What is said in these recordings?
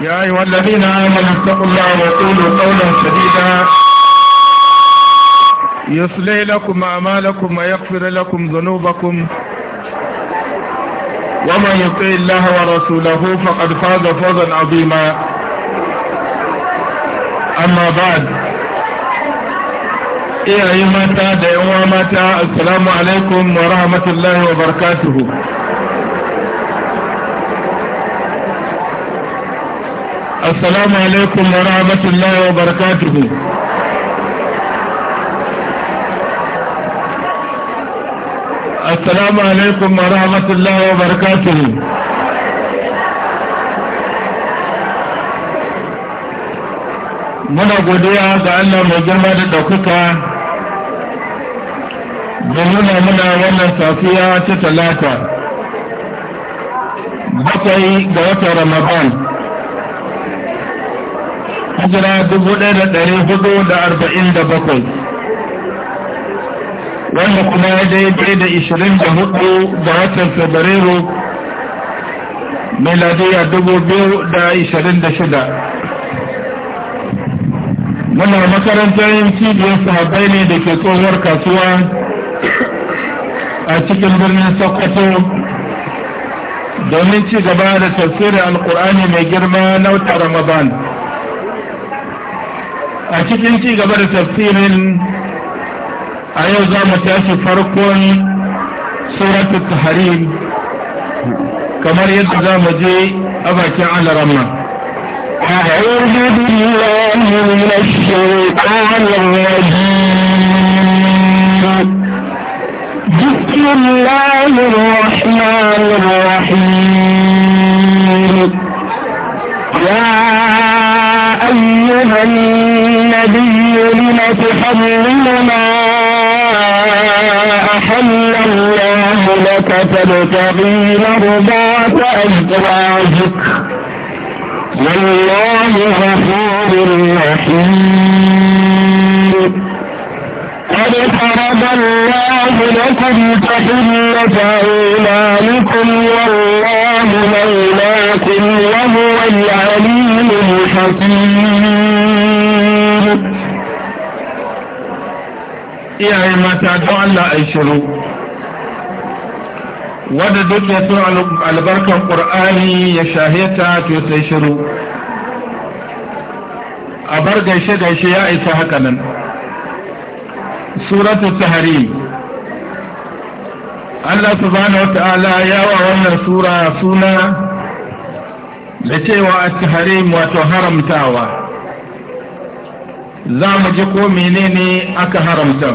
يا أيها الذين آمنوا اتقوا الله وقولوا قولا سديدا يصلي لكم أعمالكم ويغفر لكم ذنوبكم ومن يطع الله ورسوله فقد فاز فوزا عظيما أما بعد إيه أيها الناس السلام عليكم ورحمة الله وبركاته السلام عليكم ورحمة الله وبركاته السلام عليكم ورحمة الله وبركاته muna godiya ga Allah mai girma da ɗaukaka da nuna muna wannan safiya ta talata bakwai ga watan ramadan hijira dubu ɗaya da ɗari hudu da arba'in da bakwai wanda kuma ya daidai da ishirin da hudu da watan fabrairu miladiya dubu biyu da ishirin da shida muna makarantar yin cibiyar sahabai ne da ke tsohuwar kasuwa a cikin birnin sokoto domin ci gaba da tafsirin alkur'ani mai girma na wata ramadan a cikin ci gaba da tafsirin a yau za mu tashi farkon suratu tahrim kamar yadda za mu je a bakin alarama أعوذ بالله من الشيطان الرجيم بسم الله الرحمن الرحيم يا أيها النبي لم تحرم ما أحل الله لك تبتغي مرضات أزواجك والله غفور رحيم قد فرض الله لكم تحلة أولادكم والله مولاكم وهو العليم حكيم iyaye mata don Allah ai shiru wadda duk ya so albarkan ƙur'ani ya shaheta to sai shiru a bar gaishe gaishe ya isa hakanan. nan suratu tahari Allah subhanahu wa ta'ala ya wa wannan sura suna da cewa at-tahrim wato haramtawa za mu ji ko menene aka haramta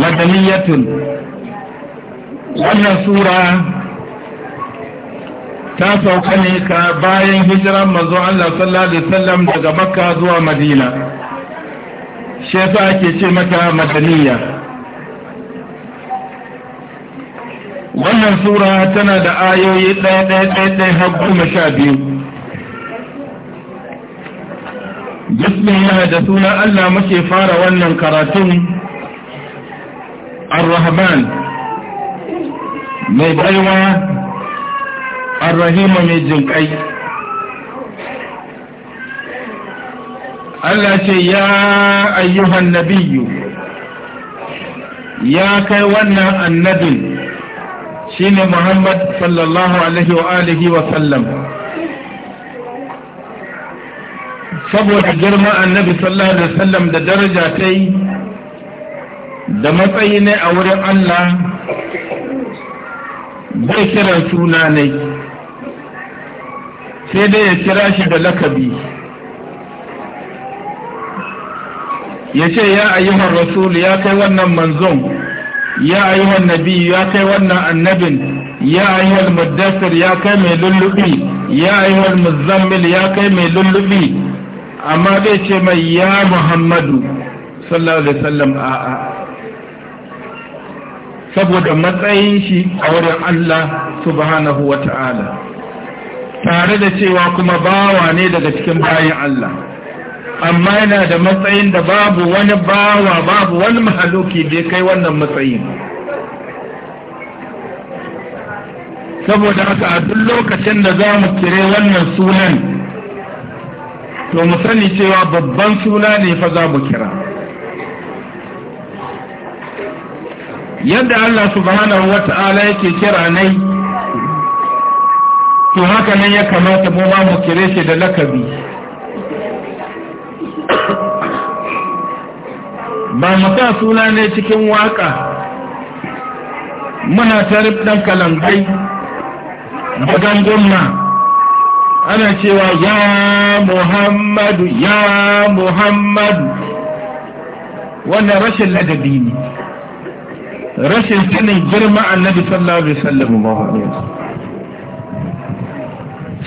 madaniyatun wannan sura ta sauka ne ka bayan hijiran mazo Allah sallallahu alaihi wasallam daga makka zuwa madina shi yasa ake ce mata madaniyatun wannan sura tana da ayoyi ɗaya ɗaya ɗaya ɗaya har goma sha biyu bismillah da suna allah muke fara wannan karatun ar-rahman mai baiwa ar-rahima mai jinƙai allah ce ya ayyuhan nabiyu ya kai wannan annabin shine Muhammad sallallahu alaihi wa alihi wa sallam saboda girma annabi sallallahu alaihi wa sallam da daraja ta yi da matsayi ne a wurin Allah bai kiran suna ne sai dai ya kira shi da lakabi ya ce ya ayyuhar rasul ya kai wannan manzon ya ayyuhan nabi ya kai wannan annabin ya ayyuhal muddassir ya kai mai lullubi ya ayyuhal muzammil ya kai mai lullubi amma bai ce mai ya muhammadu sallallahu alaihi wasallam saboda matsayin shi a wurin Allah subhanahu ta'ala tare da cewa kuma bawa ne daga cikin bayan Allah amma yana da matsayin da babu wani bawa babu wani mahaluki da kai wannan matsayin saboda haka a duk lokacin da za mu kire wannan sunan to mu sani cewa babban suna ne fa za mu kira yadda Allah subhanahu wata'ala yake kira nai to haka nan ya kamata mu ma mu kire shi da lakabi ba mu sa suna ne cikin waka muna tarif dan kalangai da gumma ana cewa ya muhammadu ya muhammadu wannan rashin ladabi ne rashin tunin girma annabi sallallahu alaihi wasallam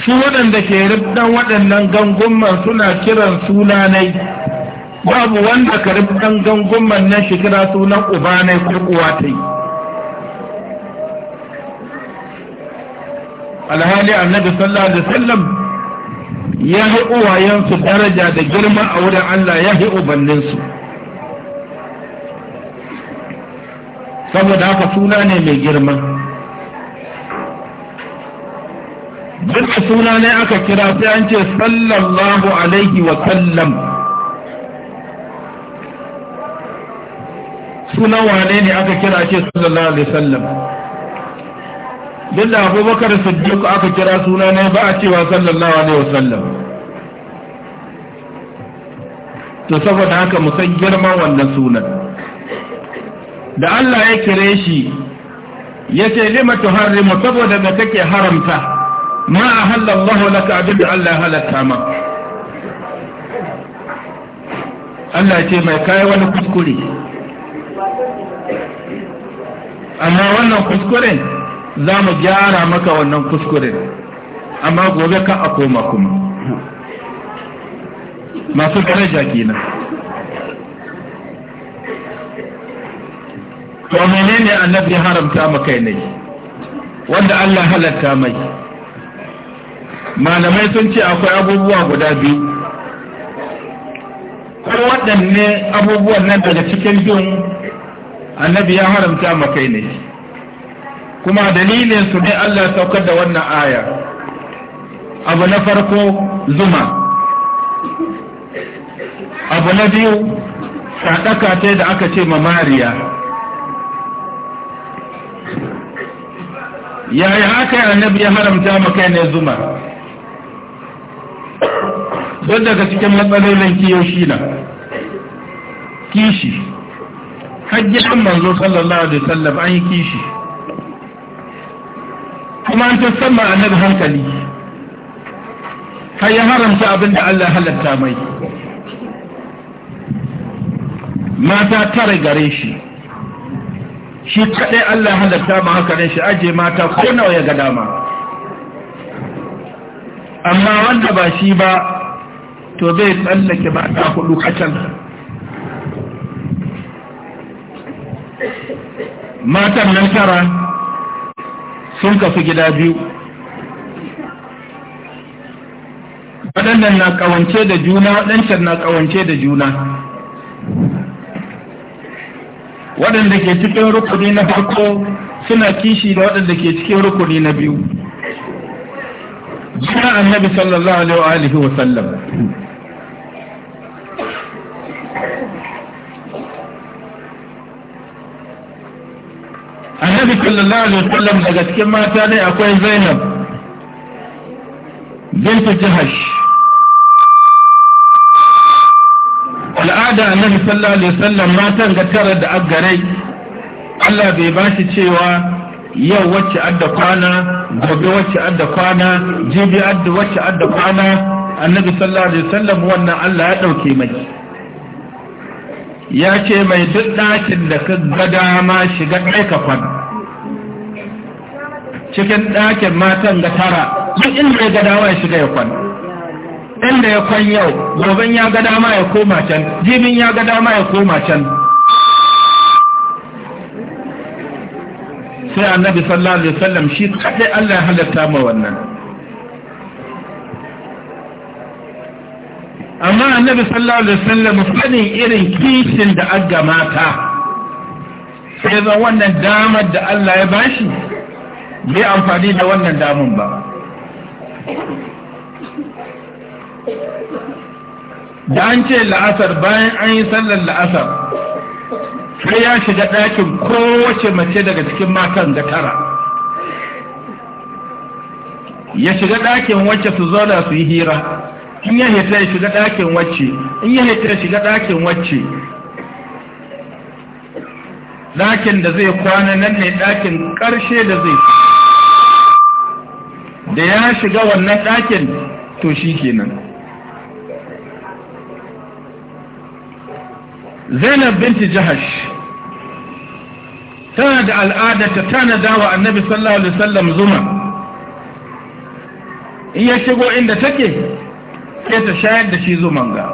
su waɗanda ke ribdan waɗannan gangunman suna kiran sunanai babu wanda ka ribdan gangunman nan shi kira sunan ubanai ko yi? alhali annabi sallallahu alaihi wasallam ya yi uwayensu daraja da girma a wurin Allah ya yi ubanninsu saboda haka suna ne mai girma duk suna ne aka kira sai an ce sallallahu alaihi wa sallam sunan wane ne aka kira ce sallallahu alaihi wa sallam duk da abubakar siddiq aka kira suna ne ba a cewa sallallahu alaihi wa sallam to saboda haka mu san girman wannan sunan da Allah ya kire shi yace lima tuharrimu saboda me kake haramta ma ahalla Allah laka abin Allah halatta ma Allah ce mai kai wani kuskure amma wannan kuskuren za mu gyara maka wannan kuskuren amma gobe ka a koma kuma masu daraja kenan to menene annabi haramta maka ne wanda Allah halarta mai malamai sun ce akwai abubuwa guda biyu ko waɗanne abubuwan nan daga cikin biyun annabi ya haramta makai ne kuma dalilin su ne Allah saukar da wannan aya abu na farko zuma abu na biyu sadaka ta da aka ce mamariya yaya aka yi annabi ya haramta makai ne zuma don daga cikin matsalolin kiyoshi na kishi hajjin manzo sallallahu alaihi wasallam an yi kishi kuma an ta sama nan hankali Ka ya haramta abin da Allah halatta mai mata tare gare shi shi kaɗai Allah halatta ma haka ne shi aje mata ko nawa ya ga dama amma wanda ba shi ba to zai tsallake ba ta hudu kacal matan nan tara sun kafi gida biyu waɗannan na ƙawance da juna waɗancan na ƙawance da juna waɗanda ke cikin rukuni na farko suna kishi da waɗanda ke cikin rukuni na biyu jira annabi sallallahu alaihi wa وآله وسلم sallam annabi sallallahu alaihi wa sallam daga cikin mata ne akwai zainab bintu jahash al'ada annabi sallallahu alaihi wasallam matan ga tara da agarai Allah bai ba shi cewa yau wacce adda kwana gobe wacce adda kwana jibi adda wacce adda kwana annabi sallallahu alaihi wasallam wannan Allah ya dauke mai ya ce mai duk ɗakin da ka ga dama shiga ka fa cikin ɗakin matan ga tara duk inda ya ga dama ya shiga ya kwana inda ya kwan yau goben ya ga dama ya koma can jibin ya ga dama ya koma can sai annabi sallallahu alaihi wasallam shi kadai Allah ya halatta ma wannan amma annabi sallallahu alaihi wasallam fadin irin kishin da aga mata sai zan wannan damar da Allah ya bashi bai amfani da wannan damun ba da an ce la'asar bayan an yi sallar la'asar sai ya shiga ɗakin kowace mace daga cikin matan da tara ya shiga ɗakin wacce su zauna su yi hira in ya hita ya shiga ɗakin wacce in ya hita ya shiga ɗakin wacce ɗakin da zai kwana nan ne ɗakin ƙarshe da zai da ya shiga wannan ɗakin to shi kenan zainab binti jahash tana da al'ada ta tanada wa annabi sallallahu alaihi wasallam zuma in ya shigo inda take sai ta shayar da shi zuman ga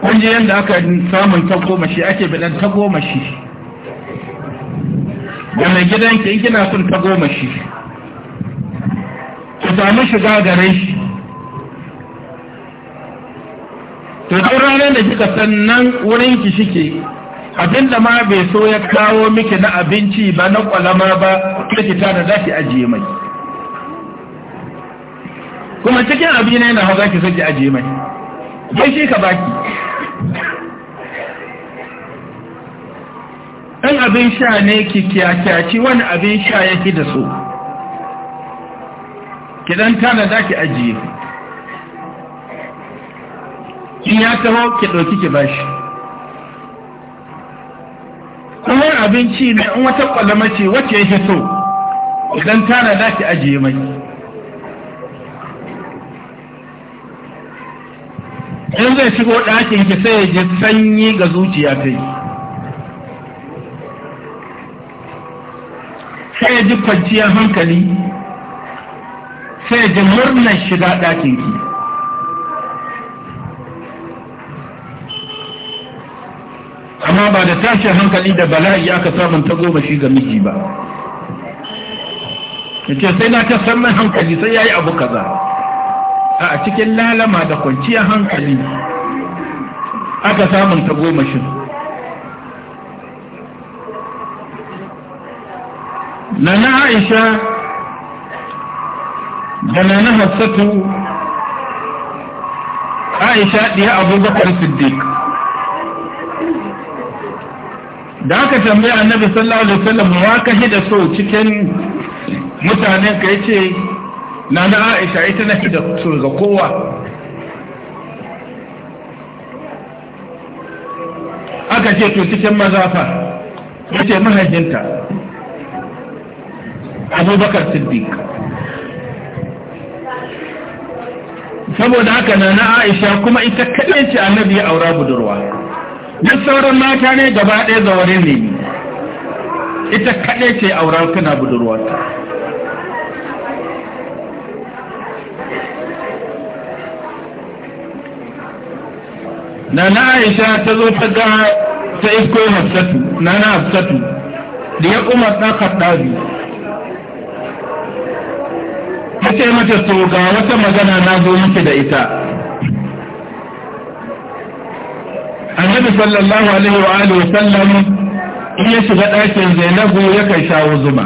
kunji yadda aka samun ta goma shi ake bidan ta goma shi da mai gidanki in kina sun ta goma shi ku samu shiga gare shi to duk ranar da kika san nan wurin ki shike abin da ma bai so ya kawo miki na abinci ba na kwalama ba kuma ki tana za ki ajiye mai kuma cikin abin ne na hau za ki ajiye mai bai shi ka baki ɗan abin sha ne ki kyakyaci wani abin sha yake da so ki ɗan tana za ki ajiye in ya taho ki ɗauki ki bashi kuma abinci ne in wata kwalama ce wacce yake so idan tana da ki ajiye mai in zai shigo ɗakin ki sai ya ji sanyi ga zuciya ta yi sai ya ji kwanciyar hankali sai ya ji murnar shiga ɗakin ki amma ba da tashin hankali da bala'i aka samun ta goma shi ga miji ba ya ce sai na ta samun hankali sai ya yi abu kaza a cikin lalama da kwanciyar hankali aka samun ta goma shi na na aisha da na na hassatu aisha ɗiya abubakar siddiq da aka tambaya annabi sallallahu alaihi wasallam wa ka hida so cikin mutanen ka yace na na Aisha ita na hida so ga kowa aka ce to cikin maza fa yace mahajinta Abubakar Siddiq saboda haka na na Aisha kuma ita kadai ce annabi ya aura budurwa duk sauran mata ne gaba ɗaya da zaune ne ita kaɗai ce auren kana budurwarta na na aisha ta zo ta ga ta isko hafsatu na na hafsatu da ya umar ɗan kaɗabi ta ce mata to ga wata magana na zo miki da ita annabi sallallahu alaihi wa alihi wa sallam in ya shiga ɗakin zainabu ya kai shawo zuma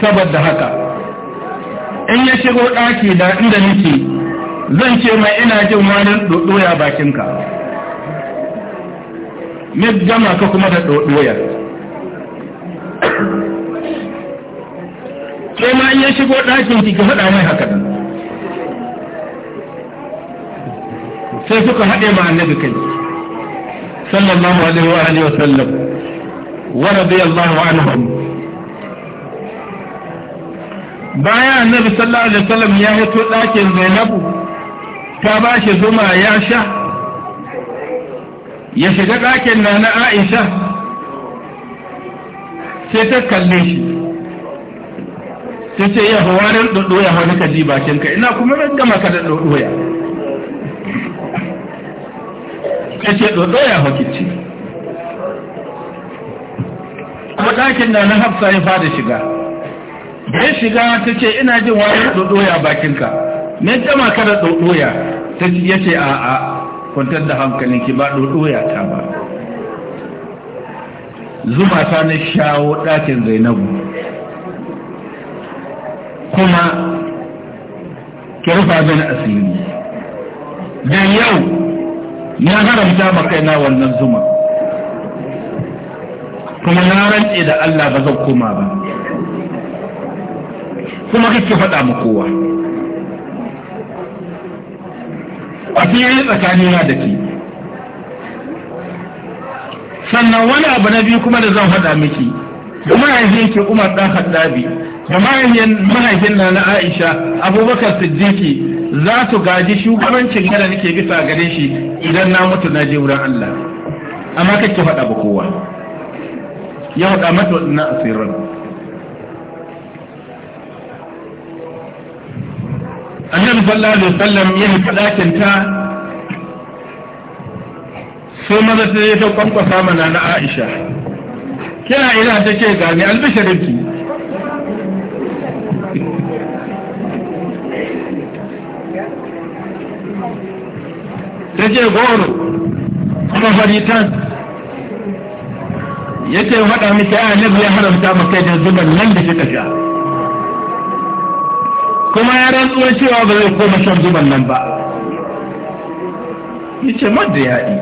saboda haka in ya shigo ɗaki da inda nake zan ce mai ina jin wani dodoya bakinka ne gama ka kuma da dodoyar sai ma in ya shigo ɗakin ki ka faɗa mai haka nan sai suka haɗe ma annabi kai sallallahu alaihi wa alihi wa sallam wa radiyallahu anhum Baya annabi sallallahu alaihi wa sallam ya hito ɗakin Zainabu ta ba shi zuma ya sha ya shiga ɗakin na na Aisha sai ta kalle shi ta ce ya hawarin ɗuɗɗuya wani ka ji bakinka ina kuma gama ka da ɗaɗɗoya kashe dodo ya hukici kuma ɗakin na na hafsa ya fada shiga bai shiga ta ce ina jin wani dodoya bakinka me jama kada dodoya ta ya ce a a kwantar da ki ba ya ta ba zuma ta na shawo ɗakin zainabu kuma ki rufa bin asiri dan yau na haramta ma kaina wannan zuma kuma na rantse da Allah ba zan koma ba kuma kake faɗa mu kowa a fiye tsakanina da ke sannan wani abu na biyu kuma da zan faɗa miki da mahaifin ke umar ɗan haddabi da mahaifin na na aisha abubakar siddiqi za su gaji shugabancin da nake bisa gare shi idan na mutu na je wurin Allah amma kake faɗa ba kowa ya faɗa mata waɗannan asirin annabi sallallahu alaihi wasallam ya yi ɗakin ta sai maza ta ta kwankwasa mana na Aisha kina ina take ni albishirinki ta ce goro kuma faritan yake ce faɗa miki a annabi ya haramta maka da zuban nan da kika sha kuma ya rantsuwa cewa ba zai koma shan zuban nan ba ya ce madda yaɗi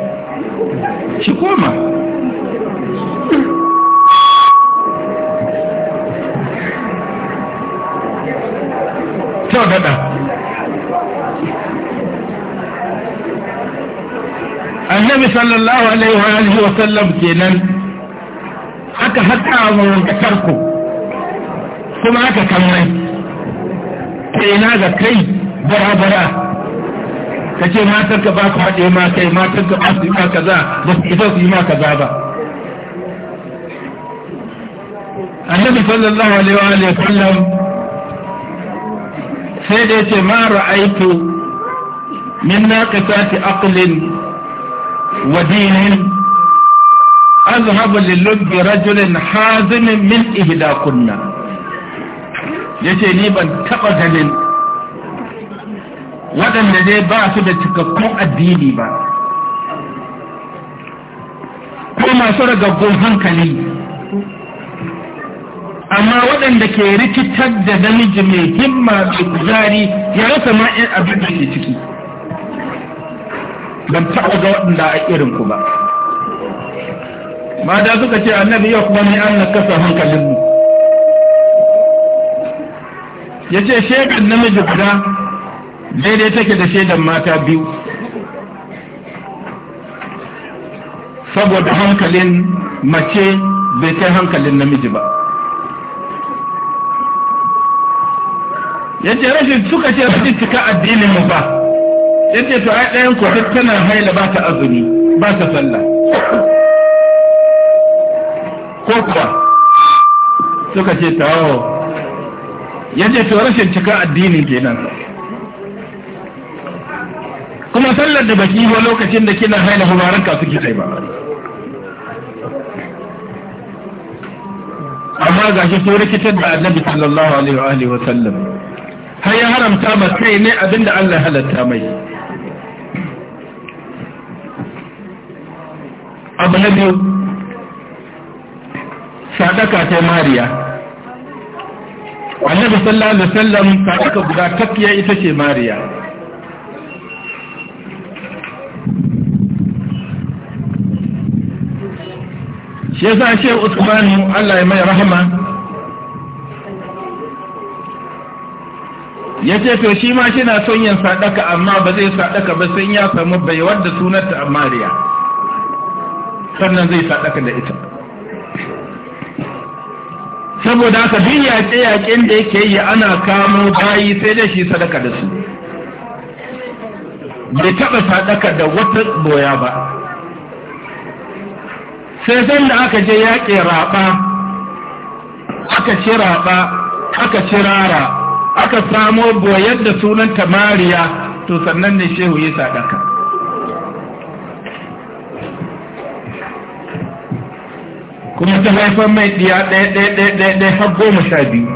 shi koma ta gaɗa annabi sallallahu alaihi wa alihi wa sallam kenan aka haɗa mu da tarko kuma aka kammai kaina ga kai bara-bara ka ce matan ka ba ku haɗe ma kai matan ka ba su yi ma za ba su isa su yi ma za ba annabi sallallahu alaihi wa alihi wa sallam sai da ya ce ma ra'aitu min sati aqlin ودين أذهب للب رجل حازم من إهدا كنا yace ni ban taɓa ganin waɗanda dai ba su da cikakkun addini ba ko masu ragaggun hankali amma waɗanda ke rikitar da namiji mai himma mai kuzari ya rasa ma'in abin da ciki ban taɓa ga waɗanda a irin ku ba ma da suka ce annabi yau kuma ne an nakasa hankalinmu ya ce shaidan namiji guda daidai take da shaidan mata biyu saboda hankalin mace bai kai hankalin namiji ba ya ce rashin suka ce rashin cika addinin mu ba yace to ai ɗayan ku duk tana haila ba ta azumi ba ta sallah ko kuwa suka ce tawo yace to rashin cika addinin kenan kuma sallar da baki ba lokacin da kina haila hubaran ka suke kai ba amma ga shi sun rikitar da annabi sallallahu alaihi wa sallam har ya haramta ma kai ne abinda Allah halatta mai abu na biyu sadaka ta mariya annabi sallallahu alaihi wasallam sadaka guda takiya ita ce mariya shi yasa shi usmanu Allah ya mai rahama ya ce to shi ma shi na son yin sadaka amma ba zai sadaka ba sai ya samu baiwar da sunanta a mariya sannan zai sadaka da ita saboda haka duk yaƙe-yaƙen da yake yi ana kamo bayi sai dai shi sadaka da su bai taɓa sadaka da wata boya ba sai zan da aka je yaƙe raɓa aka ci raɓa aka ci rara aka samo boyar da sunan tamariya to sannan ne shehu ya sadaka kuma ta haifar mai ɗiya ɗaya ɗaya ɗaya ɗaya ɗaya har goma sha biyu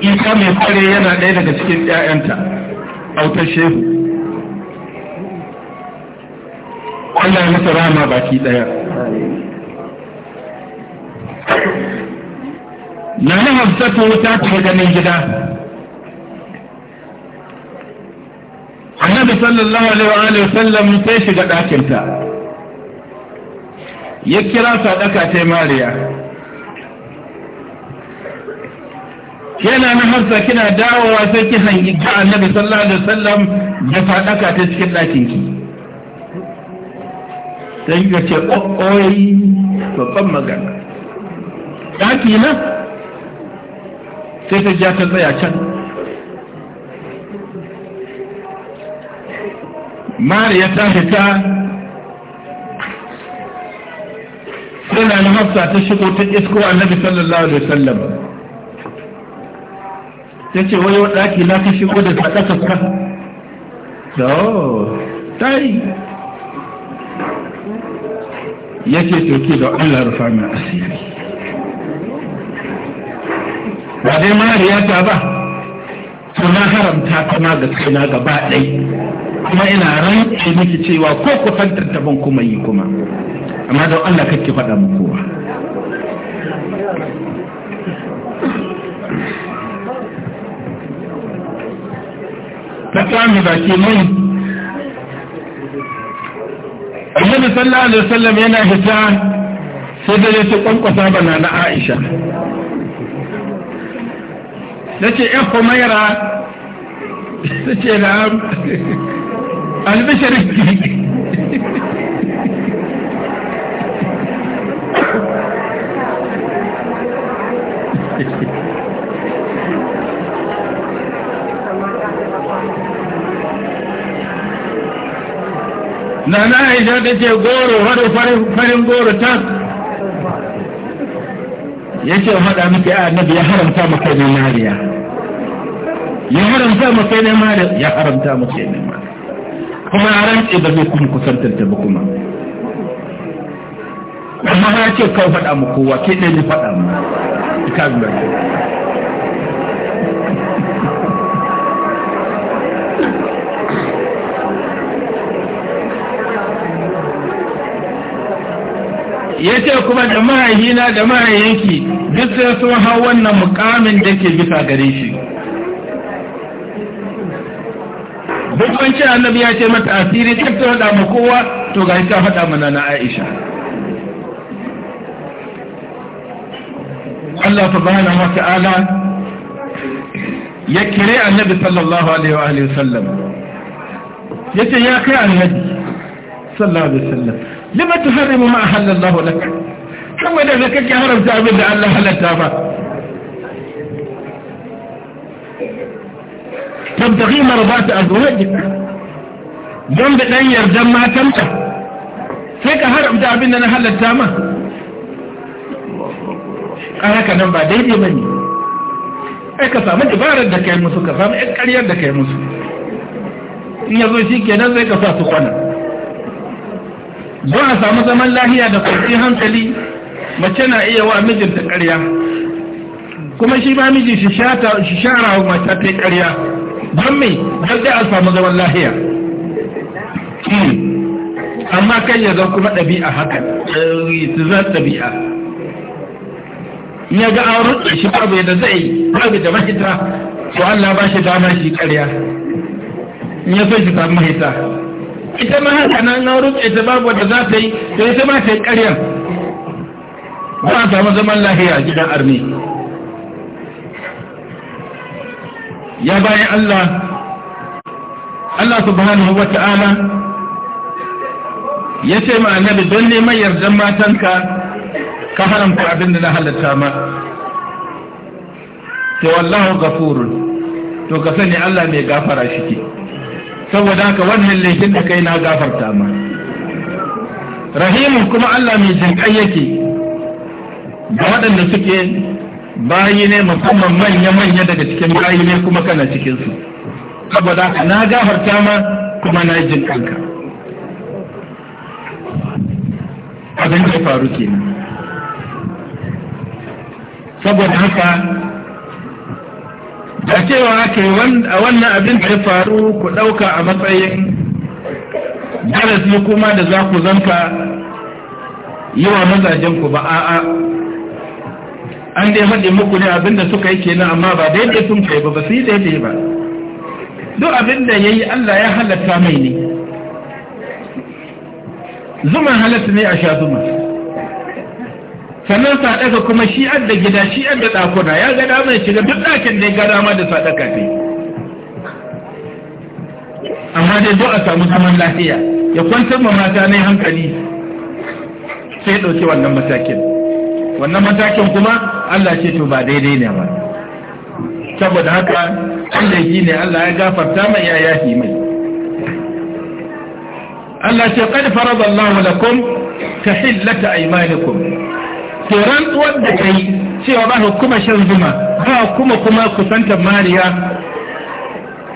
isa mai fare yana ɗaya daga cikin ‘ya'yanta autar shehu Allah ya masa rama baki ɗaya na na ta ta ganin gida annabi sallallahu alaihi wa sallam sai shiga ɗakinta ya kira sadaka ta mariya yana na harsa kina dawowa sai ki hangi ga annabi sallallahu alaihi wa sallam da sadaka ta cikin ɗakinki sai ka ce ƙoƙoyi oh, babban magana ɗaki na sai ta ja ta tsaya can mariya ta fita suna na hafsa ta shigo ta isko annabi sallallahu alaihi wasallam ta ce wani ɗaki na ta shigo da sadakaka so ta yi ya ce toke da allah rufa mai asiri ba dai mariya ta ba suna haramta kuma ga kaina gaba ɗai kuma ina rantse miki cewa ko ku ta ban kuma yi kuma amma don Allah kake faɗa mu kowa ta tsami ba ke mai annabi sallallahu alaihi wasallam yana hita sai da yake kwankwasa bana na Aisha nace ya Humaira ce na البشري نانا إذا كنت يقول وهذا فرم فرم قول تاك يشو هذا مكاء النبي يا حرم تامك يا ماريا يا حرم تامك يا ماريا يا حرم تامك يا ماريا kuma ya rantse ba zai kuma kusantar ta ba kuma amma ya ce kawai faɗa mu kowa ke ɗaya ne faɗa mu ka zuwa ke ya ce kuma da mahaihina da mahaihinki duk sai sun hau wannan mukamin da ke bisa gare shi duk an annabi ya ce mata asiri ta ta faɗa ma kowa to ga ta faɗa mana na Aisha Allah subhanahu wa ta'ala ya kire annabi sallallahu alaihi wa sallam ya ce ya kai annabi sallallahu alaihi wa sallam lima tuharrimu ma ahalla lak kamar da kake haramta abin da Allah halatta ba tabtaqi a azwajik don da dan yardan matanta. sai ka haramta abin da na halatta ma a haka nan ba daidai ba ne ai ka samu dabarar da kai musu ka samu yan karyar da kai musu in ya zo shi kenan zai ka sa su kwana don a samu zaman lahiya da kwanci hankali mace na iya wa mijinta karya kuma shi ba miji shi shara wa mata ta yi karya don me har dai an samu zaman lahiya hmm. amma kan ya zan kuma ɗabi'a haka su zan ɗabi'a ya ga an rutsa shi babu yadda zai babu da mahita to Allah ba shi dama shi ƙarya ya so shi samu mahita ita ma haka nan an rutsa ita babu wadda za ta yi to ita ma ta yi ƙaryar ba a samu zaman lahiya gidan armi ya bayan Allah Allah subhanahu wata'ala ya ce ma annabi don neman yardan matanka ka haramta abin da na halatta ma ta wallahu gafurun to ka sani Allah mai gafara shi ke saboda haka wannan laifin da kai na gafarta ma rahimun kuma Allah mai jinƙai yake ga waɗanda suke bayi ne musamman manya-manya daga cikin bayi ne kuma kana cikinsu saboda na gafarta ma kuma na jin kanka abin da faru ke saboda haka da cewa aka wannan abin da ya faru ku ɗauka a matsayin darasi kuma da za ku zanka yi wa mazajen ku ba a'a an dai faɗi muku ne abinda suka yi kenan amma ba daidai sun kai ba ba su yi daidai ba duk abinda ya yi Allah ya halatta mai ne zuman halatta ne a sha zuma sannan sadaka kuma shi an da gida shi an da ɗakuna ya ga mai shiga duk ɗakin da ya ga dama da sadaka ne amma dai duk a samu zaman lafiya ya kwantar ma mata na yi hankali sai ɗauki wannan matakin wannan matakin kuma Allah ce to ba daidai ne ba saboda haka Allah shi ne Allah ya gafarta mai ya yafi mai Allah ce qad farada Allah lakum tahillata aymanikum to rantsuwar da kai cewa ba kuma shan zuma ba kuma kuma kusanta mariya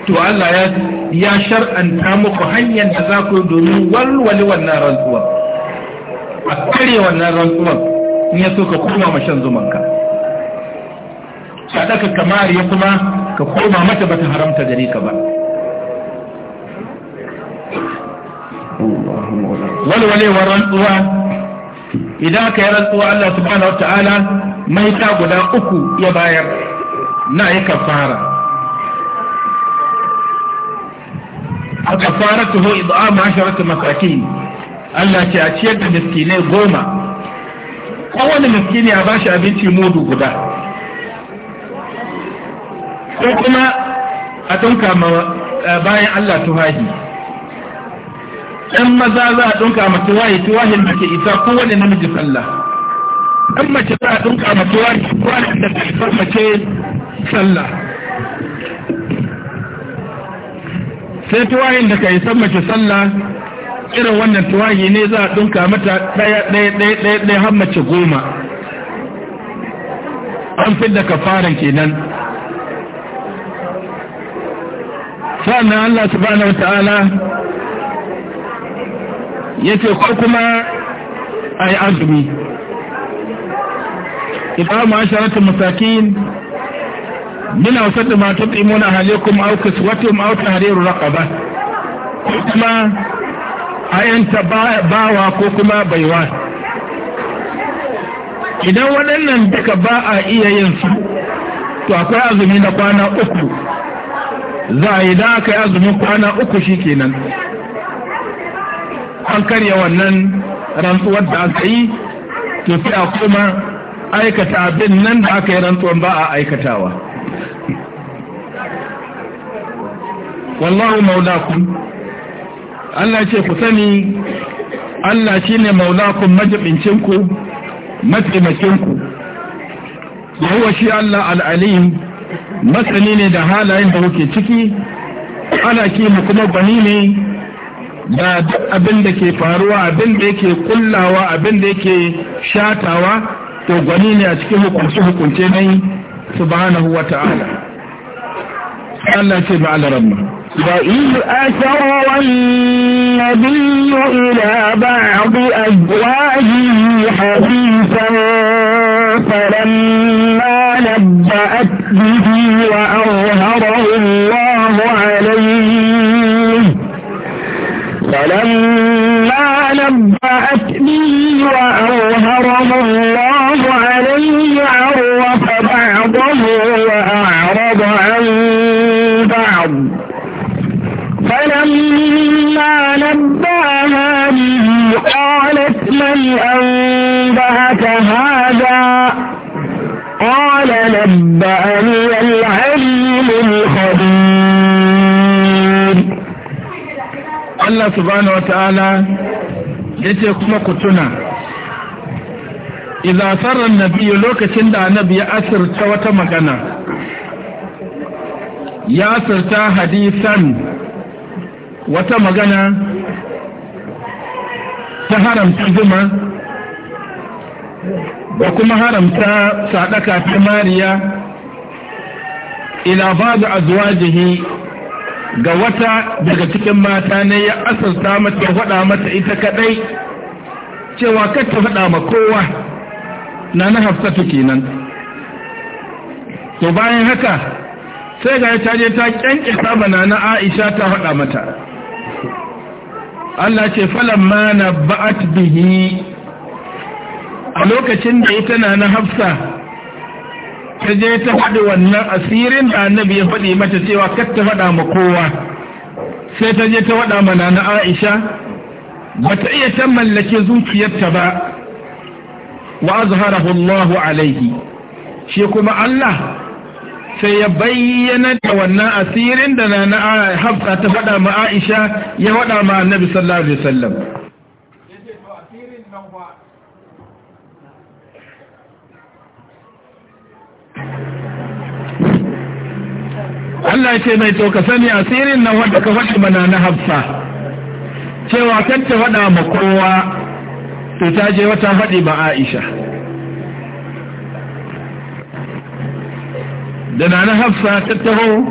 to Allah ya shar'anta muku hanyar da za ku domin walwale wannan rantsuwar a kare wannan rantsuwar in ya so ka koma ma shan zumanka sadaka kamar ya kuma ka koma mata bata haramta gare ka ba walwalewar rantsuwa idan aka yi rantsuwa Allah subhanahu wa ta'ala mai ta guda uku ya bayar na yi kafara a kafara tuho idu'a ta masarakin Allah ce a ciyar da miskinai goma kowane miskini a bashi abinci mudu guda ko kuma a tunka ma eh, bayan Allah tuhahi ɗan maza za a tunka ma tuwahi tuwahin da ke isa kowane namiji sallah ɗan mace za a tunka ma tuwahi tuwahin da ke isa mace sallah sai tuwahin da ka isa mace sallah irin wannan tuwahi ne za a dunka mata ɗaya ɗaya ɗaya ɗaya ɗaya har mace goma an fidda kafaran kenan sannan Allah subhanahu wa ta'ala ya ce ko kuma a yi azumi imamu asharatu masakin min awsat ma tut'imuna alaykum aw kiswatuhum aw tahriru raqaba kuma a yanta bawa ko kuma baiwa idan waɗannan duka ba a iya yin su to akwai azumi na kwana uku za a yi da aka yi azumin kwana uku shi kenan an karya wannan rantsuwar da aka yi to sai a kuma aikata abin nan da aka yi rantsuwar ba a aikatawa wallahu maulakum Allah ce ku sani Allah shi ne maulakun ku matsimakinku yawa shi Allah al'alim matsani ne da halayen da kuke ciki ana kima kuma gwani ne da duk abin da ke faruwa abin da yake kullawa abin da yake shatawa to gwani ne a cikin hukunce hukunce ne subhanahu wa ta'ala Allah ce ba ala rabba وإذ أسر النبي إلى بعض أزواجه ta'ala ce kuma ku tuna idza na annabi lokacin da annabi ya asirta wata magana ya asirta hadisan wata magana ta haramta zuma da kuma haramta sadaka ta mariya ila ba'd azwajihi ga wata daga cikin mata ne ya asasta mata ya faɗa mata ita kaɗai cewa kar ta faɗa ma kowa na na hafsatu kenan to bayan haka sai ga ya je ta kyankyasa saba na aisha ta faɗa mata Allah ce falamma na ba'at bihi a lokacin da ita na na hafsa ta je ta faɗi wannan asirin da annabi ya faɗi mata cewa kar ta faɗa ma kowa sai ta je ta faɗa ma na Aisha bata iya ta mallake zuciyarta ba wa azharahu alaihi shi kuma Allah sai ya bayyana da wannan asirin da na hafsa ta faɗa ma Aisha ya faɗa ma annabi sallallahu alaihi wasallam Allah ce mai to ka sani asirin nan wanda ka faɗi mana na hafsa cewa kan ta faɗa ma kowa to ta je wata faɗi ba Aisha da na na hafsa ta taho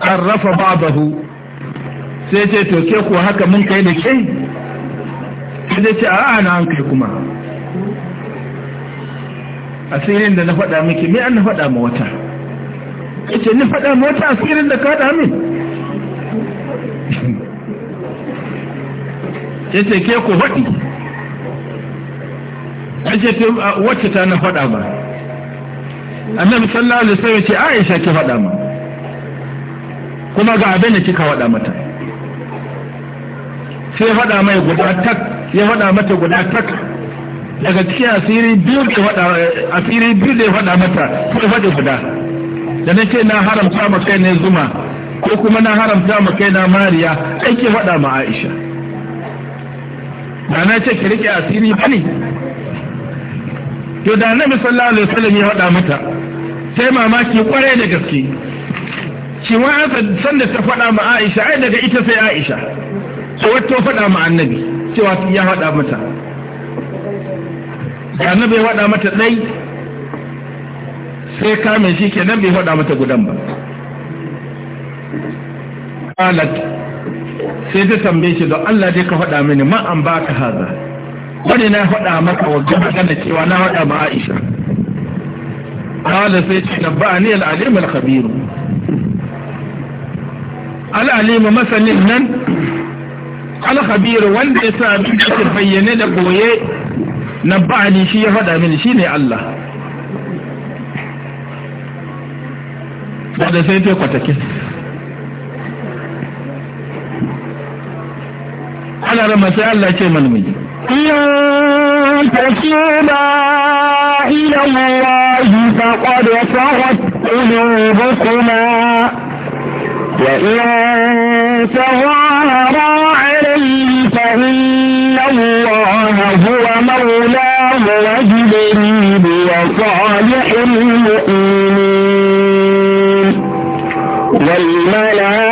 an rafa babahu sai ce to ke kuwa haka mun kai da ke je ce a'a na an kai kuma asirin da na faɗa miki me an na faɗa ma wata yace ni faɗa mota asirin da ka dami yace ke ku faɗi yace ke wacce ta na faɗa ba annabi sallallahu alaihi wasallam ce Aisha ki faɗa ma kuma ga abin da kika faɗa mata sai faɗa mai guda tak ya faɗa mata guda tak daga cikin asiri biyu da ya faɗa mata sai faɗi guda da na ce na haramta ma kai ne zuma ko kuma na haramta ma kai na mariya aiki faɗa ma aisha da na ce ki rike asiri ba to da annabi sallallahu alaihi wasallam ya faɗa mata sai mamaki kware da gaske shi san sanda ta faɗa ma aisha ai daga ita sai aisha to wato faɗa ma annabi cewa ya faɗa mata da annabi ya faɗa mata ɗai sai kamin shi ke nan bai faɗa mata gudan ba alat sai ta tambaye shi don Allah dai ka faɗa mini ma an ba ka haza wani na faɗa maka wa gaba cewa na faɗa ma Aisha qala sai ce tabbani al-alim al-khabir al-alim masanin nan al-khabir wanda ya sa abin da bayyane da goye na ba ni shi ya faɗa mini shine Allah dáadáa sẹ́yìn tó pàtàkì. ana rama sai Allah ce mana mai in tasuba ila Allah faqad sahat qulubukuma wa in tawara alayhi fa inna Allah huwa mawlahu wa jibril wa salihul mu'minin والملائكة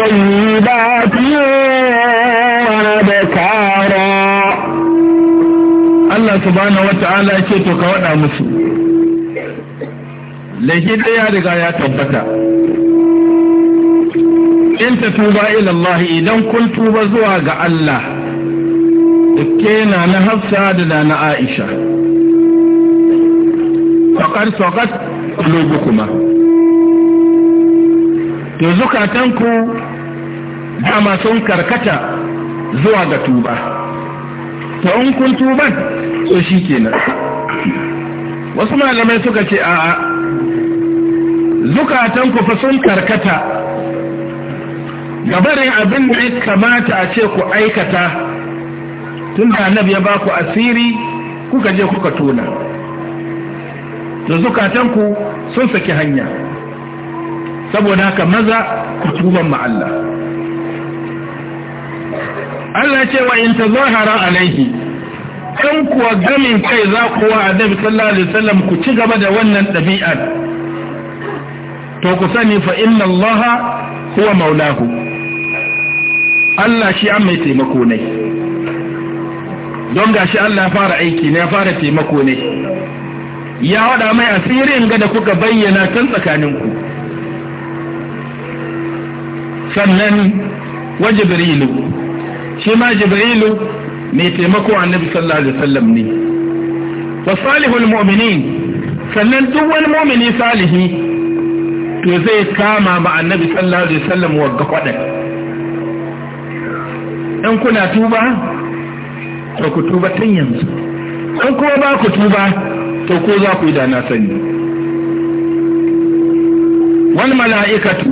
وطيبات وذكارا الله سبحانه وتعالى ke to ka waɗa musu laifi ya riga ya tabbata in ta tuba ilallahi idan kun tuba zuwa ga Allah ke na na da na na aisha faƙar faƙar kuma to zukatanku dama sun karkata zuwa ga tuba ta kun tuban to shi kenan wasu malamai suka ce a'a zukatan ku fa sun karkata gabarin abin da ya kamata a ce ku aikata tun da annabi ya ba ku asiri kuka je kuka tona da zukatan ku sun saki hanya saboda haka maza ku tuban ma Allah Allah ce wa in tazahara alaihi kan kuwa gamin kai za kuwa annabi sallallahu alaihi wasallam ku ci gaba da wannan dabi'a to ku sani fa inna allaha huwa maulahu Allah shi an mai taimako ne don gashi Allah ya fara aiki ne ya fara taimako ne ya wada mai asirin ga da kuka bayyana kan ku sannan wajibrilu shi ma jibrilu mai taimako annabi sallallahu alaihi wasallam ne wa salihul mu'minin sannan duk wani mu'mini salihi to zai kama ba annabi sallallahu alaihi wasallam ga kwadan in kuna tuba to ku tuba tun yanzu in kuma ba ku tuba to ko za ku yi da na sani wal mala'ikatu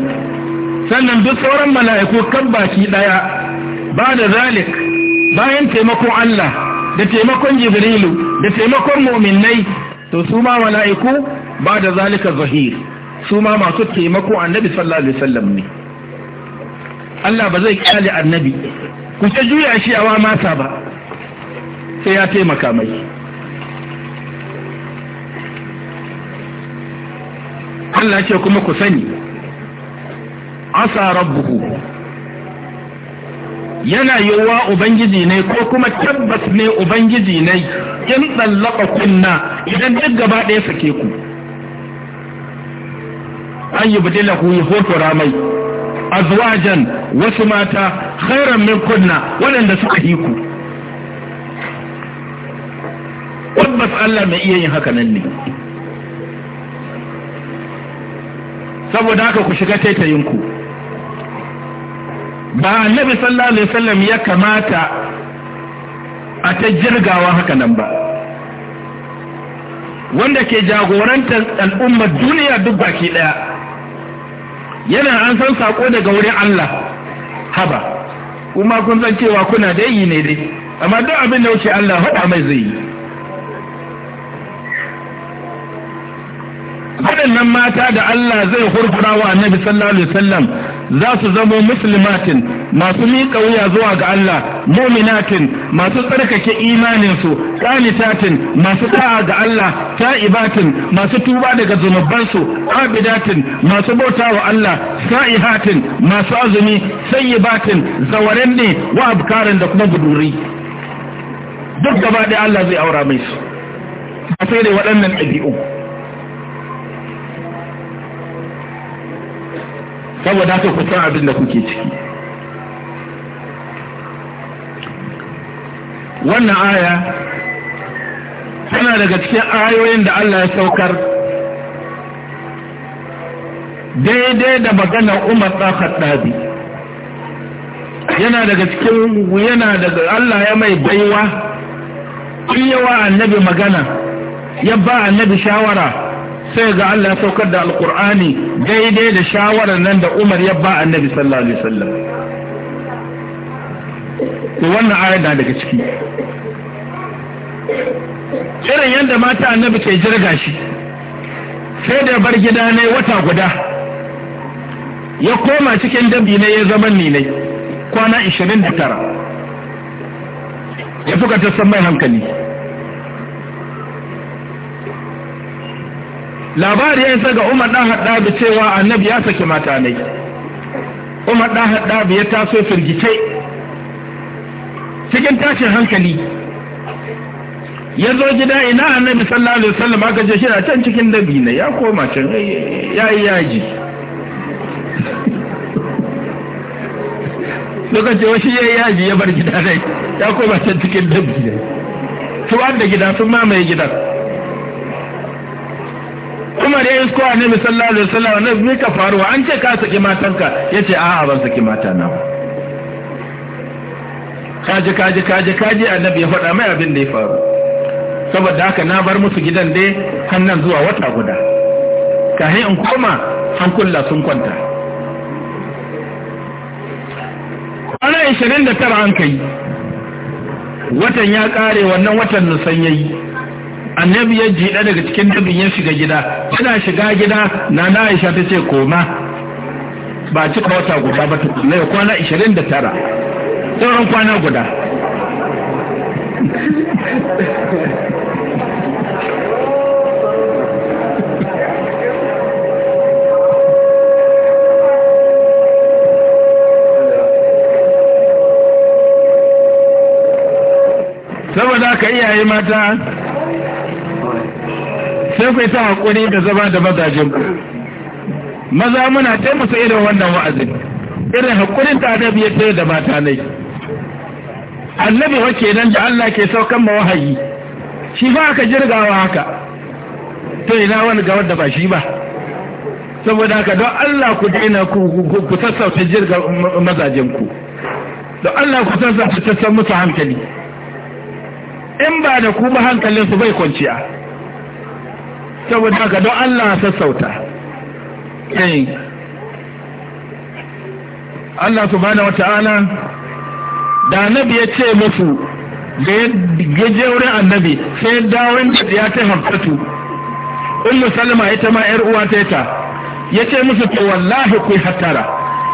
sannan duk sauran mala'iku kan baki daya ba da zalik bayan taimakon Allah da taimakon jibrilu da taimakon muminai to su ma mala'iku ba da zalika zahir su ma masu taimako annabi sallallahu alaihi wasallam ne Allah ba zai kyale annabi ku ta juya shi a mata ba sai ya taimaka mai Allah ce kuma ku sani asa rabbuhu yana yiwuwa ubangiji ne ko kuma tabbas ne ubangiji ne in tsallaka kunna idan duk gaba ɗaya sake ku an yi bude lahu hoto ramai azwajan wasu mata khairan min kunna waɗanda suka yi ku tabbas Allah mai iya yin haka nan ne saboda haka ku shiga taitayinku ba annabi sallallahu alaihi wasallam ya kamata a ta jirgawa haka nan ba wanda ke jagorantar al'ummar duniya duk baki daya yana an san sako daga wurin Allah haba kuma kun san cewa kuna da yi ne dai amma duk abin da wuce Allah faɗa mai zai yi waɗannan mata da Allah zai hurfura wa annabi sallallahu alaihi wasallam za su zamo musulmatin, masu miƙa wuya zuwa ga Allah muminatin masu tsarkake imaninsu ƙanitatin masu ta'a ga Allah ta'ibatin masu tuba daga zunubansu abidatin masu bauta wa Allah sa'ihatin masu azumi sayyibatin zawaren ne wa abkarin da kuma buduri duk gaba da Allah zai aura mai su sai da waɗannan ɗabi'u saboda haka ku san abin da kuke ciki wannan aya tana daga cikin ayoyin da Allah ya saukar daidai da magana Umar ɗan Khattabi yana daga cikin yana daga Allah ya mai baiwa in yawa annabi magana ya ba annabi shawara sai ga Allah ya saukar da alkur'ani daidai da shawarar nan da umar ya ba annabi sallallahu alaihi wasallam to wannan ayar na daga ciki irin yadda mata annabi ke jirga shi sai da bar gida ne wata guda ya koma cikin dabi ne ya zama ni ne kwana 29 ya fuka ta san mai hankali labari ya isa ga umar dan haddabi cewa annabi ya saki mata ne umar dan haddabi ya taso firgice cikin tashin hankali ya zo gida ina annabi sallallahu alaihi wasallam aka je shi na can cikin dabi ne ya koma can ya yi yaji lokaci wasu ya yaji ya bar gida ne ya koma can cikin dabi ne tuwa da gida sun mamaye gidan Umar ya isko nemi sallallahu alaihi wasallam annabi me ka faruwa an ce ka saki matanka yace a'a ban saki matana ba kaji kaji kaji kaji annabi ya faɗa mai abin da ya faru saboda haka na bar musu gidan dai hannan zuwa wata guda kahin in koma hankula sun kwanta kwana 29 an kai watan ya kare wannan watan nusan yayi annabi ya jiɗa daga cikin dabin ya shiga gida yana shiga gida na na aisha ta ce koma ba cika wata guda ba ta kula kwana 29 sauran kwana guda saboda ka iyaye mata sai ku yi ta haƙuri da zama da mazajen ku maza muna ta musu irin wannan wa'azin irin haƙurin ta annabi ya tsaye da mata ne annabi wa nan da Allah ke saukan ma wahayi shi ba aka jirgawa haka to ina wani ga wanda ba shi ba saboda haka don Allah ku daina ku sassauta jirga mazajen ku don Allah ku sassauta musu hankali in ba da kuma hankalinsu bai kwanciya saboda haka don Allah sassauta eh. Allah subhanahu wata'ala da annabi ya ce musu da ya gaje wurin annabi sai da dawo ya ta hamsatu ummu salama ita ma yar uwa ta ta ya ce musu to wallahi ku hattara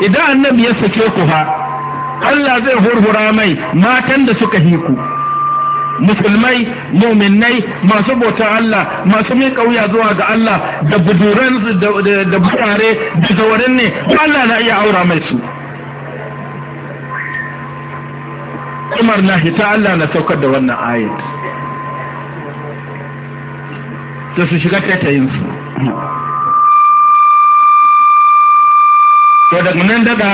idan annabi ya sake ku ha, Allah zai hurhura mai matan da suka hiku musulmai muminai masu bautar Allah masu mai kauya zuwa ga Allah da buduran da bukare da zawarin ne Allah na iya aura mai su Umar na hita Allah na saukar da wannan ayat da su shiga tattayinsu to daga nan daga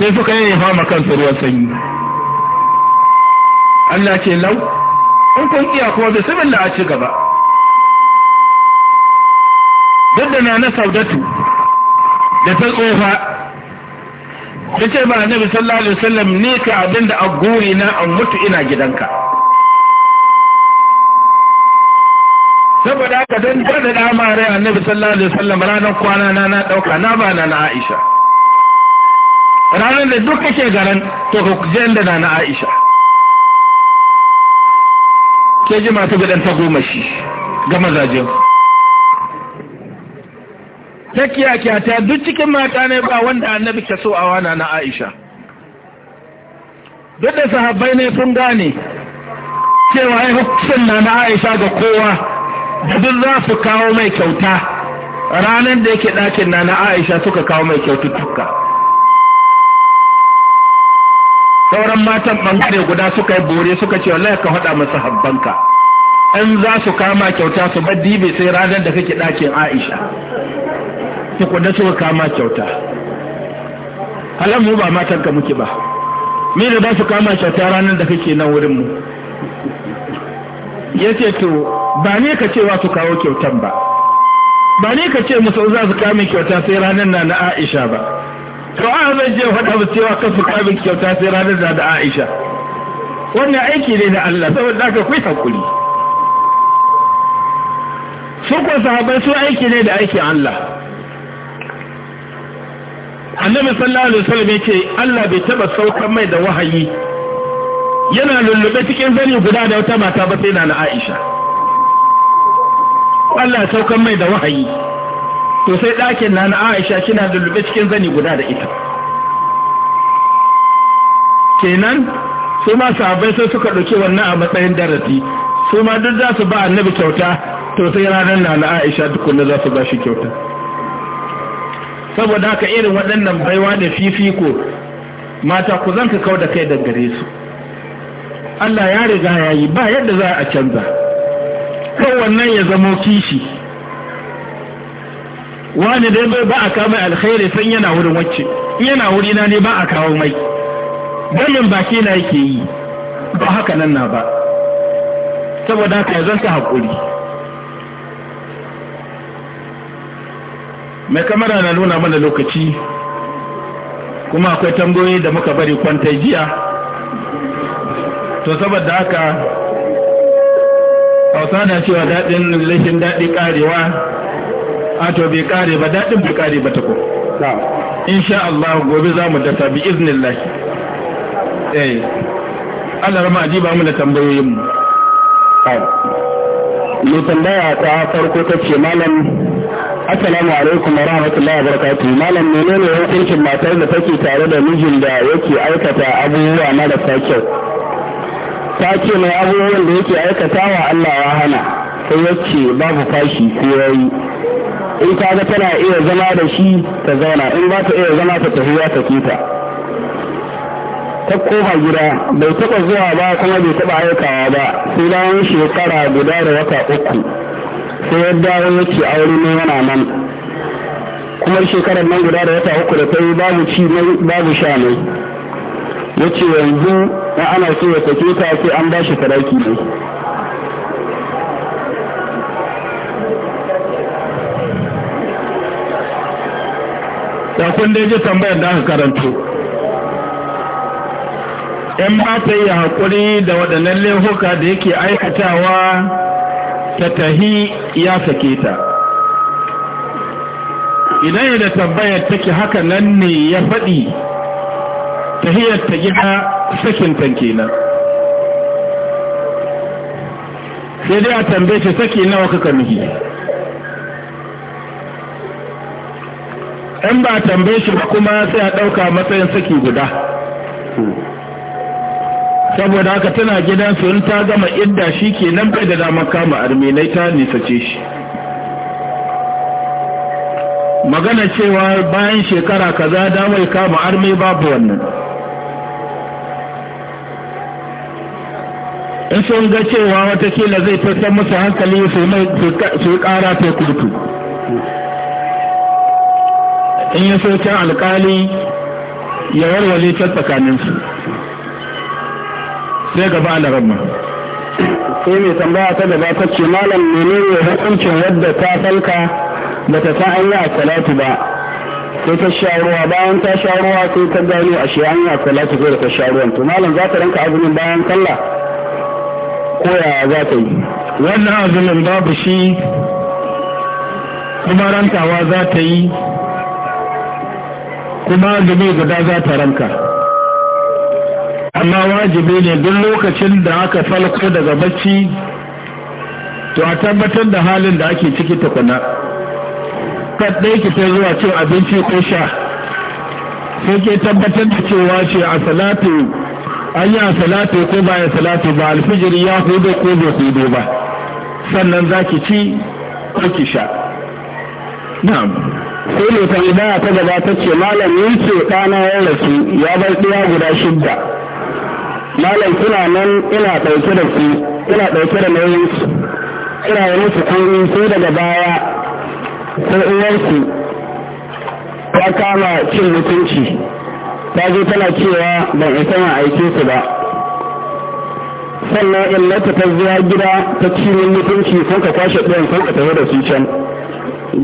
sai suka yi fama kansu ruwan sanyi Allah ce lau in kun iya kuma sabin a ci gaba duk da na na saudatu da ta tsofa ta ce ba annabi sallallahu alaihi wasallam ne ka abin da gori na an mutu ina gidanka saboda haka don da dama rai annabi sallallahu alaihi wasallam ranar kwana na na dauka na ba na na Aisha ranar da duk kake garan to ka je da na na Aisha ke jima ta bidan ta goma shi ga mazajen ta kyata duk cikin mata ne ba wanda annabi ke so a wana na aisha duk da sahabbai ne sun gane cewa ya hukun na na aisha ga kowa da duk za su kawo mai kyauta ranar da yake ɗakin na na aisha suka kawo mai kyaututtuka sauran matan bangare guda suka yi bore suka ce wallahi ka faɗa masa habbanka in za su kama kyauta su bar dibe sai ranar da kake ɗakin aisha su kuɗa suka kama kyauta halan mu ba matan ka muke ba me da za su kama kyauta ranar da kake nan wurin mu ya ce to ba ne ka cewa su kawo kyautan ba ba ne ka ce musu za su kame kyauta sai ranar na na aisha ba to a zan je faɗa cewa kan su kamin kyauta sai ranar da Aisha wannan aiki ne na Allah saboda haka kai hakuri su ko sahabbai su aiki ne da aikin Allah annabi sallallahu alaihi wasallam yace Allah bai taba saukar mai da wahayi yana lullube cikin zani guda da wata mata ba sai na Aisha Allah saukar mai da wahayi to sai ɗakin na na aisha kina lullube cikin zani guda da ita kenan su ma sahabai sai suka ɗauki wannan a matsayin darasi su ma duk za su ba annabi kyauta to sai ranar na na aisha tukunna za su ba shi kyauta saboda haka irin waɗannan baiwa da fifiko mata ku zan ka kau da kai da gare su Allah ya riga ya yi ba yadda za a canza Kan wannan ya zamo kishi wani dai bai ba a kawo mai alkhairi san yana wurin wacce yana wuri na ne ba a kawo mai damin baki na yake yi ba haka nan na ba saboda haka zan ta hakuri. mai kamara na nuna mana lokaci kuma akwai tambayoyi da muka bari kwanta jiya to saboda haka hausa na cewa daɗin lishin daɗi ƙarewa a to bai kare ba daɗin bai kare ba ta ko insha Allah gobe za mu dasa bi iznillah eh Allah rama ajiba mu da tambayoyin mu mai tambaya ta farko ta ce malam assalamu alaikum wa rahmatullahi wa barakatuh malam menene hukuncin matar da take tare da mijin da yake aikata abubuwa marasa kyau ta ce mai abubuwan da yake wa Allah ya hana sai yace babu fashi sai yayi in ta ga tana iya zama da shi ta zauna in ba ta iya zama ta tafiya ta tafi ta koma gida bai taɓa zuwa ba kuma bai taɓa aikawa ba sai bayan shekara guda da wata uku sai ya dawo ya ce aure ne yana nan kuma shekarar nan guda da wata uku da ta yi babu ci babu sha ne ya ce yanzu ana so ya tafi ta sai an ba shi sadaki ne da kun dai ji tambayar da aka karanto in ba ta yi haƙuri da waɗannan laifuka da yake aikatawa ta tahi ya sake ta idan yadda tambayar take haka nan ne ya faɗi tahiyar ta gina sakin tanke nan sai dai a tambaye shi saki nawa kaka nuhi in ba tambaye shi ba kuma sai a ɗauka matsayin saki guda saboda haka tana gidan su in ta gama idda shi ke nan bai da damar kama Arminai ta nisace shi magana cewa bayan shekara kaza damar kama armi babu wannan in sun ga cewa watakila zai tattar musu hankali su yi kara ta kurtu in yi so can alkali ya warware ta tsakaninsu sai gaba alarama sai mai tambaya ta gaba ta ce malam menene hukuncin wadda ta falka ba ta san an yi a salatu ba sai ta sha bayan ta sha sai ta gano a shi an yi a salatu sai da ta sha to malam za ta ranka azumin bayan kalla ko ya za ta yi wannan azumin babu shi kuma rantawa za ta yi kuma azumi guda za ta ranka amma wajibi ne duk lokacin da aka falko daga bacci to a tabbatar da halin da ake ciki tukuna kaɗai ki sai zuwa cin abinci ko sha sai ke tabbatar da cewa ce a salatu an yi a salatu ko ba ya salatu ba alfijiri ya hudu ko bai hudu ba sannan za ki ci ko ki sha na'am sai mai tambaya ta gaba ta ce malam ni ce ɗana ya rasu ya bar ɗaya guda shidda malam suna nan ina ɗauke da su ina ɗauke da nauyin su ina yi musu kuɗi sai daga baya sai uwarsu ta kama cin mutunci ta je tana cewa ban isa ma aike su ba sannan illata ta zuwa gida ta ci mutunci sun ka kwashe ɗayan sun ka tafi da su can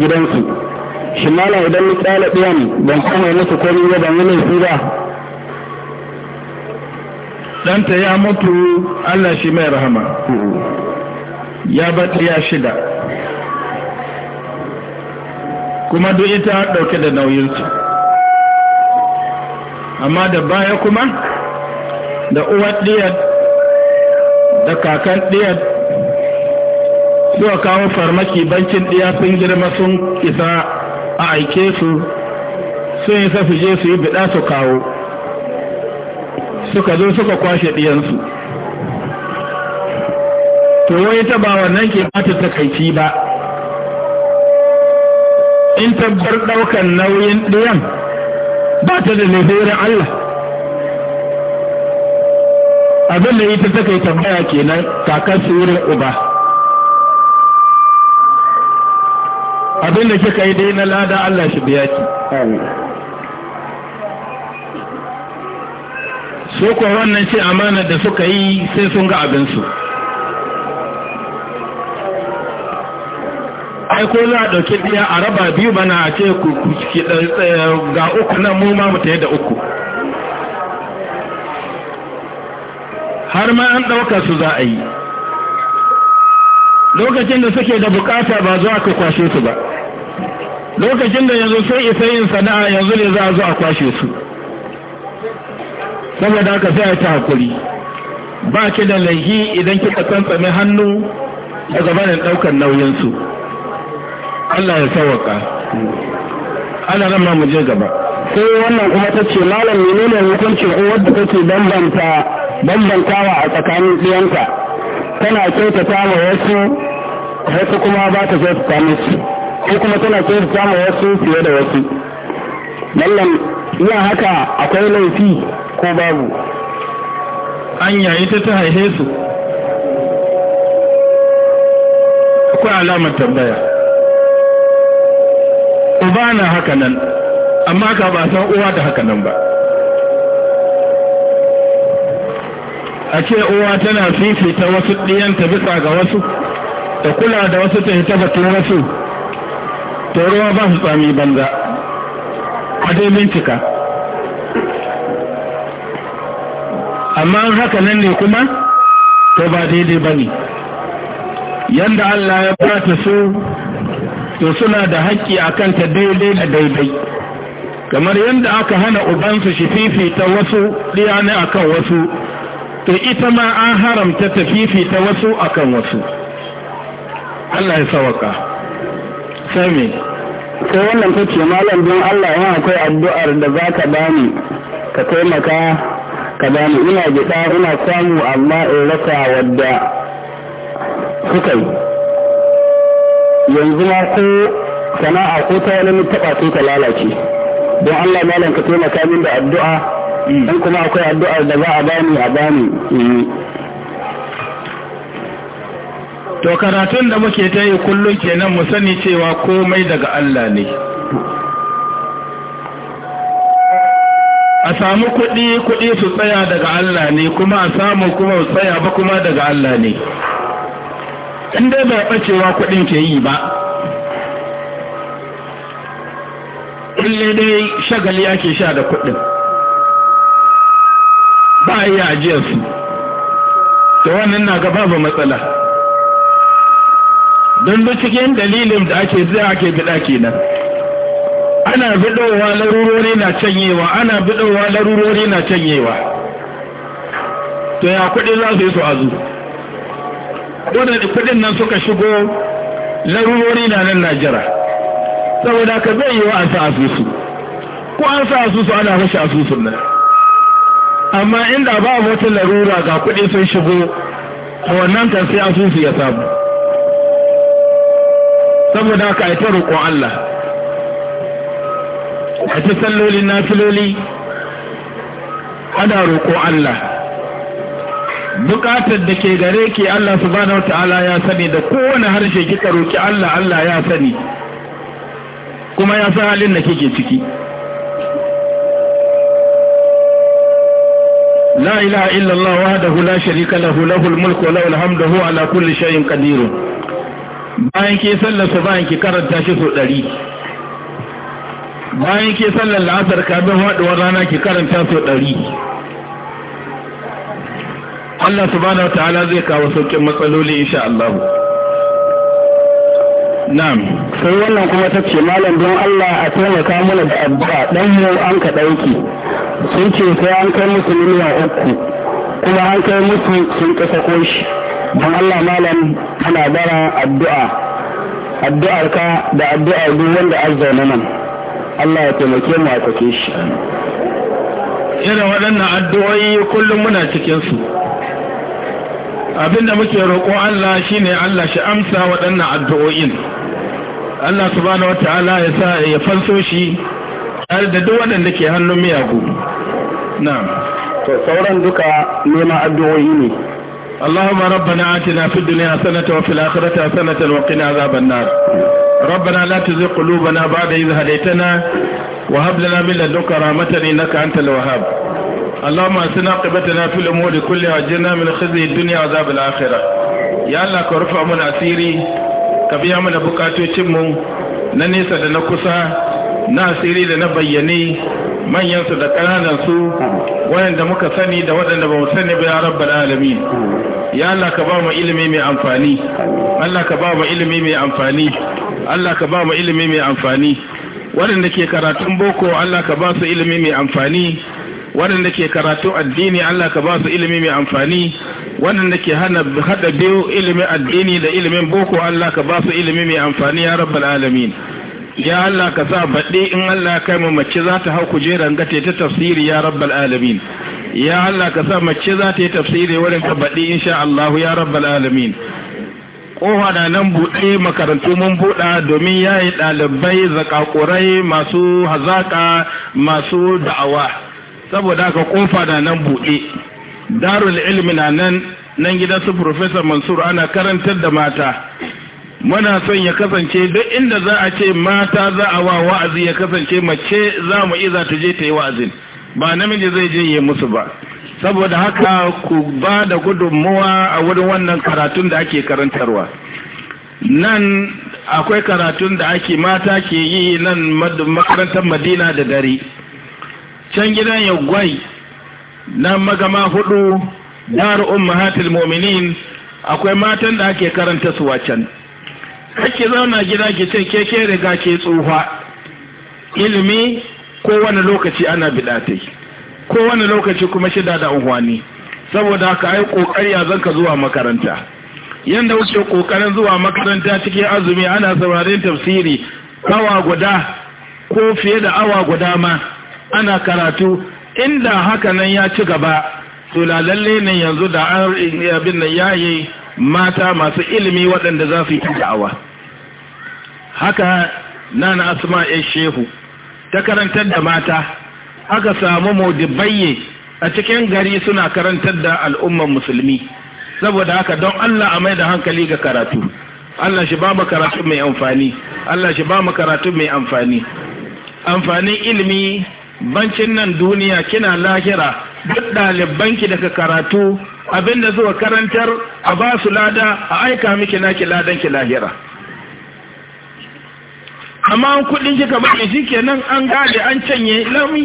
gidansu shi mala idan ni tsala ɗiyan ban kama musu komai ba ban wani su ba ɗanta ya mutu Allah shi mai rahama ya ba ya shida kuma duk ita ɗauke da nauyinsu amma da baya kuma da uwar ɗiyar da kakan ɗiyar zuwa kawo farmaki bankin ɗiya sun girma sun isa a aike su sun yi su je su yi bida su kawo suka zo suka kwashe ɗiyansu to wai ta ba wannan ke bata takaici ba in tabbar ɗaukan nauyin ɗiyan ba ta da lahirin Allah abin da ita ta kai tambaya kenan kakar su uba abin da kika yi dai na lada Allah shi biya ki So ko wannan ce amana da suka yi sai sun ga abinsu ai ko za a ɗauki biya a raba biyu bana a ce ga uku nan mu ma mutane da uku har ma an ɗauka su za a yi lokacin da suke da bukata ba zuwa ka kwashe su ba lokacin da yanzu sai isa yin sana'a yanzu ne za a zuwa a kwashe su saboda ka sai a ta hakuri ba ki da laihi idan kika tsantsami hannu a gabanin ɗaukar nauyinsu Allah ya sawaka ana zama mu je gaba sai wannan kuma ta ce malam menene hukuncin uwar da take bambanta bambantawa a tsakanin ɗiyanka tana kyautata ma wasu wasu kuma ba ta kyautata musu ko kuma tana kyautata ma wasu fiye da wasu mallam yin haka akwai laifi ko babu anya ita ta haihe su akwai alamar tambaya uba na haka nan amma ka ba san uwa da haka nan ba a ce uwa tana fifita wasu ɗiyanta bisa ga wasu da kula da wasu ta hita batun wasu ta ruwa ba su tsami banza a dai bincika amma haka nan ne kuma to ba daidai ba ne yadda Allah ya bata su to suna da haƙƙi a kanta daidai da daidai kamar yadda aka hana ubansu shi fifita wasu a akan wasu to ita ma an haramta ta fifita wasu akan wasu Allah ya sawaka sai me sai wannan ta ce malam don Allah ya akwai addu'ar da za ka bani ka taimaka ka bani ina gida ina samu amma in rasa wadda suka yi yanzu ma ko sana'a ko ta wani taɓa ta lalace don Allah malam ka taimaka min da addu'a Mm. in kuma akwai addu'ar da za a bani a bani to karatun da muke ta yi kullum kenan mu sani cewa komai daga Allah ne a samu kuɗi kuɗi su tsaya daga Allah ne kuma a samu kuma su tsaya ba kuma daga Allah ne in dai ba ɓacewa kuɗin ke yi ba kulle dai shagali ake sha da kuɗin ba a iya ajiyar su ta wannan na gaba ba matsala don duk cikin dalilin da ake zai ake gida kenan ana bidowa larurori na canyewa ana bidowa larurori na canyewa to ya kudin za su yi su azu wadda kudin nan suka shigo larurori na nan najira saboda ka zai yi wa an sa asusu ko an sa asusu ana rashin asusun nan amma inda ba wata larura ga kuɗi sun shigo a wannan kan asusu ya samu saboda ka yi ta roƙon Allah a ci salloli na filoli ana roƙon Allah buƙatar da ke gare ke Allah su wata ala ya sani da kowane harshe kika roƙi Allah Allah ya sani kuma ya san halin da kike ciki لا إله إلا الله وحده لا شريك له له الملك وله الحمد هو على كل شيء قدير bayan ke sallar su bayan ke karanta shi su ɗari bayan ke sallar la'asar kabin haɗuwar rana ke karanta su ɗari Allah subhanahu wa ta'ala zai kawo saukin matsaloli insha Allah Na'am, sai wannan kuma ta ce malam don Allah a taimaka mana da addu'a dan mu an ka ɗauki. Sun ce sai an kai musu miliyan uku, kuma an kai musu sun kasa koshi. Don Allah malam ana bara addu'a. Addu'ar ka da addu'ar duk wanda an zauna nan. Allah ya taimake mu a sake shi. Irin waɗannan addu'o'i kullum muna cikinsu. abinda muke roƙo Allah shine Allah shi amsa waɗannan addu'o'in Allah subhanahu wata'ala ya sa ya fanso shi har da duk waɗanda ke hannun miyagu na'am to sauran duka neman addu'o'i ne Allahumma na atina fid dunya sanata wa fil akhirati sanatan wa qina azaban nar ربنا لا تزغ قلوبنا بعد إذ هديتنا وهب لنا من لدنك رحمة إنك أنت الوهاب اللهم اتنا عاقبتنا في الامور كلها واجرنا من خزي الدنيا وعذاب الاخره يا الله كرفع من اسيري كبيا من بكاتوچin mu na nesa da na kusa na asiri da na bayyane manyan su da kananan su waɗanda muka sani da waɗanda ba mu sani ba ya rabbal alamin ya ka ba mu ilimi mai amfani Allah ka ba mu ilimi mai amfani ka ba mu ilimi mai amfani waɗanda ke karatun boko Allah ka ba su ilimi mai amfani waɗanda ke karatu addini Allah ka ba su ilimi mai amfani waɗanda ke haɗa biyu ilimin addini da ilimin boko Allah ka ba su ilimi mai amfani ya rabbal alamin ya Allah ka sa baɗi in Allah kai mu mace za ta hau kujeran gate ta tafsiri ya rabbal alamin ya Allah ka sa mace za ta yi tafsiri wurin ka baɗi insha Allah ya rabbal alamin Kowa na nan buɗe makarantu mun buɗa domin yayi ɗalibai zakakurai masu hazaka masu da'awa saboda haka kofa na nan buɗe darul ilmi na nan nan gidan su professor mansur ana karantar da mata muna son ya kasance duk inda za a ce mata za a wa wa'azi ya kasance mace za mu iza ta je ta yi wa'azin ba namiji zai je yi musu ba saboda haka ku ba da gudunmuwa a wurin wannan karatun da ake karantarwa nan akwai karatun da ake mata ke yi nan makarantar madina da dare can gidan yagwai na magama hudu daru ummahatul mominin akwai matan da ake karanta su wacan ake zauna gida ke ce ke riga ke tsufa ilimi kowane lokaci ana bidatai kowane lokaci kuma shida da unhwani saboda haka ai kokari a zanka zuwa makaranta yanda wuce kokarin zuwa makaranta cikin azumi ana saurarin tafsiri awa guda ko fiye da awa guda ma ana karatu inda haka nan ya ci gaba to lalle ne yanzu da an abin nan yayi mata masu ilimi waɗanda za su yi da'awa haka nana asma ya shehu ta karantar da mata aka samu modibayye a cikin gari suna karantar da al'umman musulmi saboda haka don Allah a mai da hankali ga karatu Allah shi ba mu karatu mai amfani Allah shi ba mu karatu mai amfani amfanin ilimi bancin nan duniya kina lahira duk ki daga karatu abinda zuwa karantar a ba su lada a aika miki na ki ladan ki lahira amma an kudin kika bane nan an gane an canye lami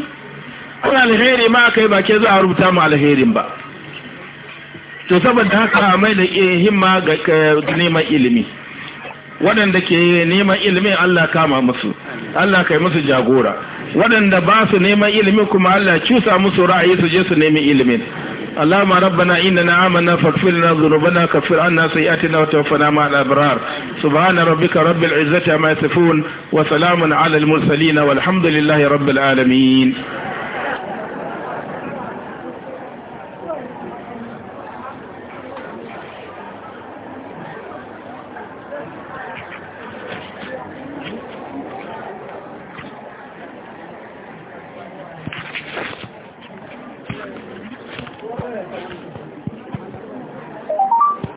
an alheri ma kai ba ke za rubuta mu alherin ba to saboda haka mai da eh, himma ga neman ilimi waɗanda ke neman ilimin Allah kama musu Allah kai musu jagora waɗanda ba su neman ilimin kuma Allah cusa musu ra'ayi su je su nemi ilimin اللهم ربنا إننا آمنا فاغفر لنا ذنوبنا كفر عنا سيئاتنا وتوفنا مع الأبرار سبحان ربك رب العزة عما يصفون وسلام على المرسلين والحمد لله رب العالمين